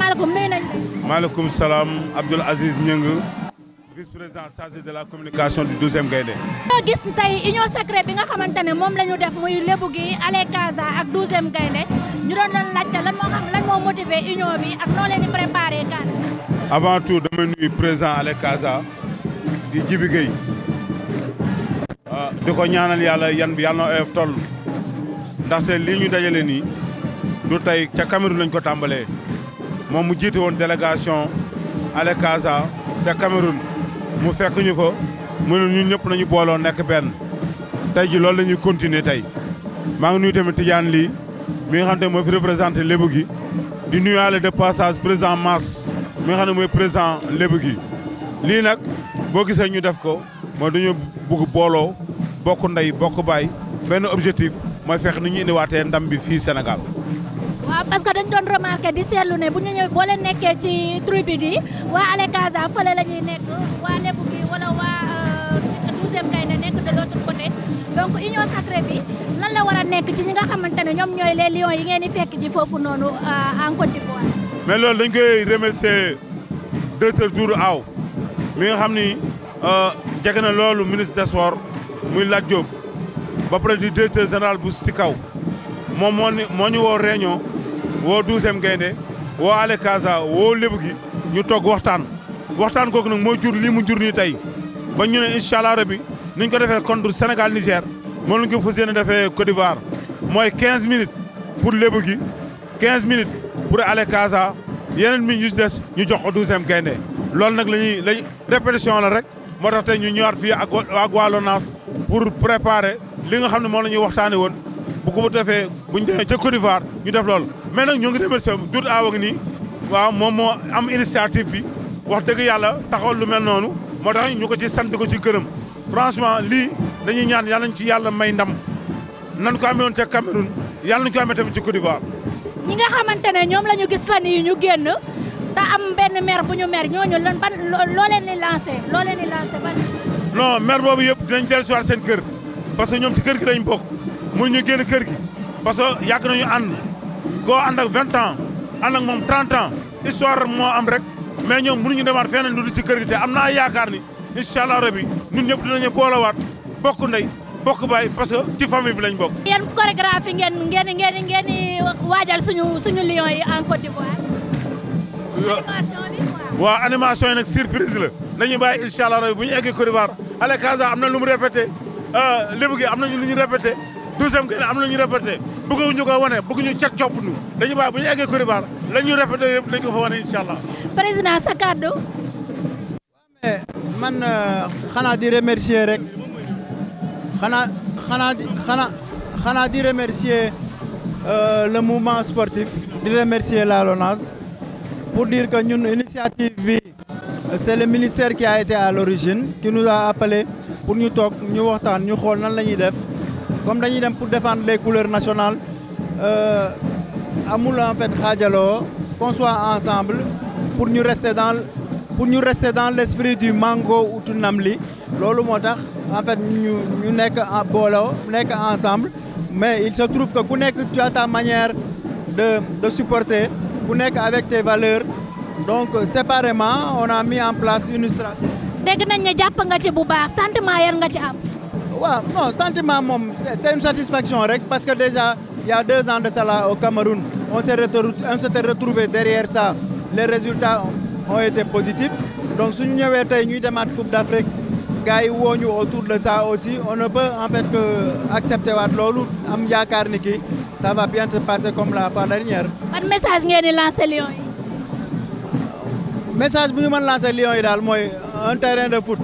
asalaamaaleykum nuyu nañ la. maaleykum salaam Abdoul Aziz Gningue. vice-président chargé de la communication du 12e Gaïndé. ñoo gis tey union sacrée bi nga moom la def muy Lébou gi Allez ak 12e ñu doon doon laajte lan moo xam lan ak noo leen préparé kan. avant tout damay nuyu président Allez Casa di Djibi ah, di ko ñaanal yàlla yan bi yàlla na oyof toll ñu dajale nii du tey ca Cameroun lañ ko tàmbalee moom mu jiite woon délégation ale Casa ca Cameroun mu fekk ñu fa mu ne ñun ñëpp nañu booloo nekk benn tey ji loolu la ñuy continuer tey maa ngi nuyu tamit Tidiane lii mi nga xam te moo fi représenté lébu gi di nuyaale de passage président Mass mi nga xam ne mooy président lébu gi lii nag boo gisee ñu def ko mooy dañu bugg booloo bokk ndey bokk baay benn objectif mooy fex nu ñu indiwaatee ndam bi fii Sénégal waaw parce que dañ doon remarqué di seetlu ne bu ñu ñëw nekkee ci tribu bi waa Ale Casa fële la nekk waa Lebu bi wala waa euh, douzième Gaïndé nekk de l'autre côté donc union sacrée bi lan la war a nekk ci ñi nga xamante ñoom ñooy les lions yi ngeen di fekk ji foofu noonu euh, en Côte d'Ivoire. mais loolu dañ koy remercier directeur Doudou Aw mi nga xam ni euh, jege na loolu ministre des sports muy Lat Diop ba pare di directeur général bu Sikaw moom moo ñu moo ñu woo woo douzième gaynde woo Ale Casa woo lébu gi ñu toog waxtaan waxtaan kooku nag moo jur lii mu jur nii tey ba ñu ne incha allah rabi niñ ko defee contre Sénégal Niger moom lañ ko fas yéene defee Côte mooy 15 minutes pour lébu gi 15 minutes pour Ale Casa yeneen mi ñu des ñu jox ko douzième gaynde loolu nag la ñuy lañ répétition la rek moo tax tey ñu ñaar fii ak ak waa pour préparer li nga xam ne moom la ñuy waxtaanee woon. ku bu defee bu ñu demee ca Côte ñu def loolu mais nag ñoo ngi remercié Doudou Awa ngi nii waaw moom moo am initiative bi wax dëgg yàlla taxawal lu mel noonu moo tax ñu ko ci sant ko ci gërëm franchement lii dañuy ñaan yàlla nañ ci yàlla may ndam nan ko amee woon ca Cameroun yàlla nañ ko amee tamit ci ñi nga xamante ne ñoom la ñu gis fan yi ñu génn te am benn maire bu ñu maire ñooñu lan ban loo leen di lancé loo leen boobu yëpp dinañ dellusiwaat seen kër parce que ñoom kër gi lañ bokk. mun ñu génn kër gi parce que yàgg nañu ànd koo ànd ak 20 ans ànd ak moom 30 ans histoire moo am rek mais ñoom mënuñu demaat feneen lu ci kër gi te am naa yaakaar ni incha allah rabi ñun ñëpp dinañu boolawaat bokk ndey bokk baay parce que ci famille bi lañ bokk. yéen chorégraphie ngeen ngeen ngeen ngeen waajal suñu suñu lion yi en Côte d'Ivoire. animation bi nañu bàyyi incha allah rabi bu ñu eggee Côte d'Ivoire Allez am na lu mu répété euh, lébu gi am nañu lu ñu répété. douzième Gaïndé am na ñu répété bëgguñu ko wane bëgguñu cag copp ñu dañu baax bu ñu eggee Côte d'Ivoire la ñu répété yëpp dañ ko fa wane allah. président sa man euh, xanaa di remercier rek xanaa xanaa xanaa di remercier euh, le mouvement sportif di remercier la LONASE pour dire que ñun initiative bi c'est le ministère ki a été à l'origine qui nous a appelé pour ñu toog ñu waxtaan ñu xool nan la ñuy def. comme dañuy dem pour défendre les couleurs nationales euh, amul en fait xaajaloo qu'on soit ensemble pour ñu rester dans pour ñu rester dans l'esprit du Mango Outou Namli loolu moo tax en fait ñu ñu nekk booloo nekk ensemble mais il se trouve que ku nekk tu as ta manière de de supporter ku nekk avec tes valeurs donc séparément on a mis en place une stratégie. dégg nañ jàpp nga ci bu baax sentiment nga ci am. waaw non sentiment moom seen une satisfaction rek parce que déjà il y a deux ans de cela au Cameroun on s'est retrouvé derrière ça les résultats ont été positifs donc suñu ñëwee tey ñuy demaat Coupe d'Afrique gars yi wooñu autour de ça aussi on ne peut en fait que accepter waat loolu am yaakaar ni ki ça va bien se passer comme la fois dernière. ban message ngeen di yi. message bu ñu mën lancer yi daal mooy un terrain de foot.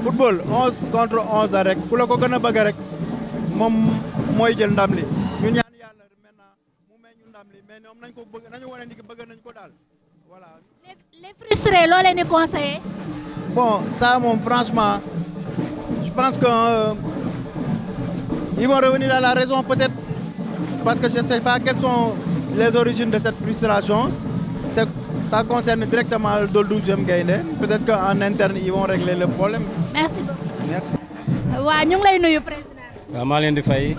football 11 contre 11 la rek ku la ko gën a bëgg rek moom mooy jël ndam li ñu ñaan yàlla maintenant mu may ñu ndam li mais ñoom nañ ko bëgg nañu wane ni ki bëgg nañ ko daal voilà. les frustrés loo leen di bon sa moom franchement je pense que euh, ils vont revenir à la raison peut-être parce que je ne sais pas quelles sont les origines de cette frustration c'est ça concerne directement le douzième gaynde peut-être qu'en interne ils vont régler le problème waa ñu lay nuyu président. maa leen di fay.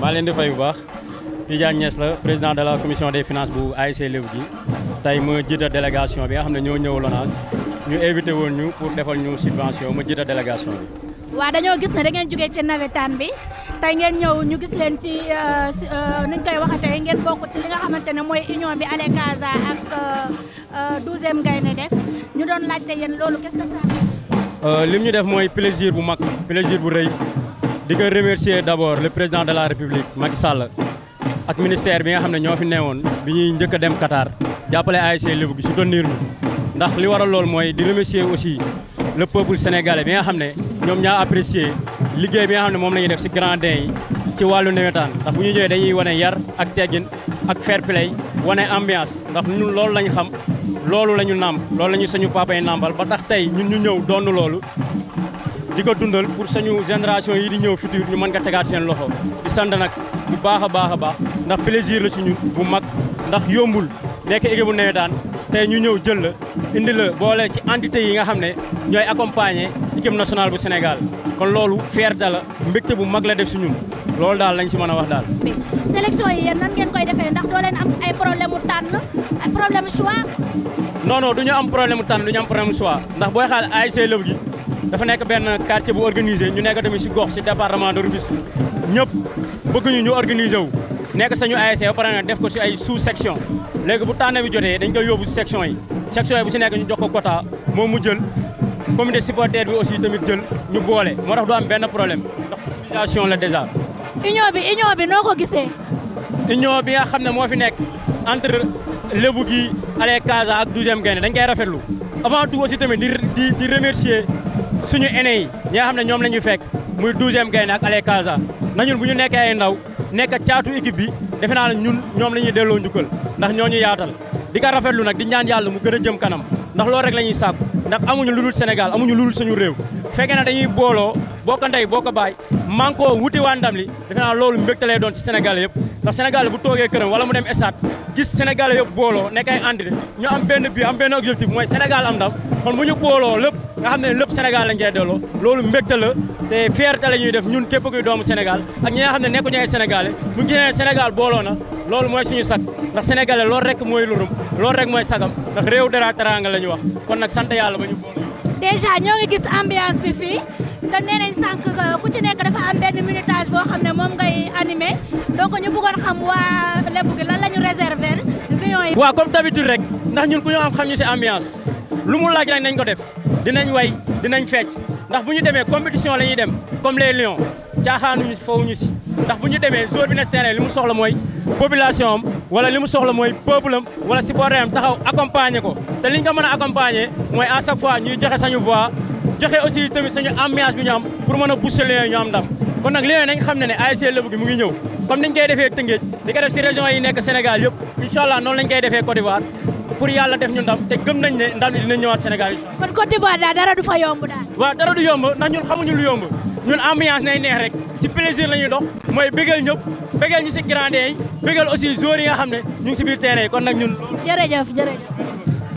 maa leen di fay bu baax. Tidiane ñees la président de la commission des finance bu ASC Lewgui tey ma jiite délégation bi nga xam ne ñoo ñëw LONASE ñu invité woon ñu pour defal ñu subvention ma jiite délégation bi. waaw dañoo gis ne da ngeen ci nawetaan bi tey ngeen ñëw ñu gis leen ci euh, euh, nuñ koy waxatee ngeen bokk ci li nga xamante ne mooy union bi Ale Casa ak euh, douzième Gaïndé def ñu doon laajte yéen loolu Euh, lim ñu def mooy plaisir bu mag plaisir bu rëy di ko remercier d'abord le président de la république Macky Sall ak ministère bi nga xam ne ñoo fi neewoon bi ñuy njëkk a dem Qatar jàppale ASC Lebougui gi soutenir ñu ndax li waral loolu mooy di remercier aussi le peuple sénégalais bi nga xam ne ñoom ñaa apprécier liggéey bi nga xam ne moom la ñuy def si grand yi ci wàllu nawetaan ndax bu ñu ñëwee dañuy wane yar ak teggin ak fair wane ambiance ndax ñun loolu lañ xam loolu la ñu nàmp loolu la ñu suñu papa yi ba tax tey ñun ñu ñëw doon loolu di ko dundal pour suñu génération yi di ñëw futur ñu mën nga tegaat seen loxo di sant nag baax a baax a baax ndax plaisir la ci ñun bu mag ndax yombul nekk équipe bu nawetaan tey ñu ñëw jël la indi la boole ci entité yi nga xam ne ñooy accompagner équipe nationale bu Sénégal kon loolu fierté la mbégte bu mag la de si ñun loolu daal lañ si mën a wax daal. sélection yi yéen nan ngeen koy defee ndax doo am ay problème mu tànn ay problème mu choix. du ñu am problème mu tànn du ñu am problème mu choix ndax booy xaar ASC Lëb gi dafa nekk benn quartier bu organisé ñu nekk tamit si gox si département de Rufisque ñëpp bëgg ñu organisé wu. nekk sañu ASC ba pare def ko si ay sous section léegi bu tànn bi jotee dañ koy yóbbu si yi section yi bu si nekk ñu jox ko quota moom mu jël comité supporter bi aussi tamit jël ñu boole moo tax du am benn problème ndax la déjà. union bi union bi noo ko gisee. union bi nga xam ne moo fi nekk entre Lebu gi Allez Casa ak 12e dañ koy rafetlu avant tout aussi tamit di di di remercier suñu aînés yi ñi xam ne ñoom la ñu fekk muy 12e Gaindé ak Allez nañu bu ñu nekkee ay ndaw nekk caatu équipe bi defe naa ne ñun ñoom la ñuy delloo njukkal ndax ñoo ñu yaatal di ko rafetlu nag di ñaan yàlla mu gën a jëm kanam ndax loolu rek la ñuy sàkku ndax amuñu lu dul Sénégal amuñu lu suñu réew fekkee na dañuy booloo boo ko ndey boo ko baay man koo wuti waa li defe naa loolu mbégte lay doon ci Sénégal yëpp ndax Sénégal bu toogee këram wala mu dem stade gis Sénégal yëpp booloo nekk ay ànd ñu am benn bi am benn objectif mooy Sénégal am ndam kon bu ñu booloo lépp nga xam ne lépp Sénégal lañ koy delloo loolu mbégte la te fierté la ñuy def ñun képp kuy doomu Sénégal ak ñi nga xam ne nekkuñu ay Sénégalais bu ñu gisee Sénégal booloo na loolu mooy suñu sag ndax sénégalais loolu rek mooy lurum loolu rek mooy sagam ndax réew dara teraanga la ñu wax kon nag sant yàlla ba te nee nañ sànq ku ci nekk dafa am benn minutage boo xam ne moom ngay animé donc ñu bëggoon xam waa Lebu gi lan la ñu yi. waaw comme d'habitude rek ndax ñun ku ñu am xam ñu si ambiance lu mu laaj rek nañ ko def dinañ way dinañ fecc ndax bu ñu demee compétition la ñuy dem comme les lions caaxaanuñu ñu si ndax bu ñu demee joueur bi nekk terrain li mu soxla mooy population am wala li mu soxla mooy peuple am wala supporter taxaw accompagner ko te liñ ko mën sañu voix. joxe aussi tamit suñu ambiance bi ñu am pour mën a booster Lions ndam kon nag Lions nañ xam ne ne ASC Lebougui mu ngi ñëw comme niñ koy defee Tëngéej di ko def si région yi nekk Sénégal yëpp incha allah noonu lañ koy defee Côte d'Ivoire pour yàlla def ñu ndam te gëm nañ ne ndam li dina ñëwaat Sénégal incha allah. kon Côte d'Ivoire dara du fa yomb daal. waaw dara du yomb ndax ñun xamuñu lu yomb ñun ambiance nay neex rek ci plaisir la ñuy mooy bégal ñëpp bégal ñu si grandé yi bégal xam ne ñu ngi si biir terrain yi kon nag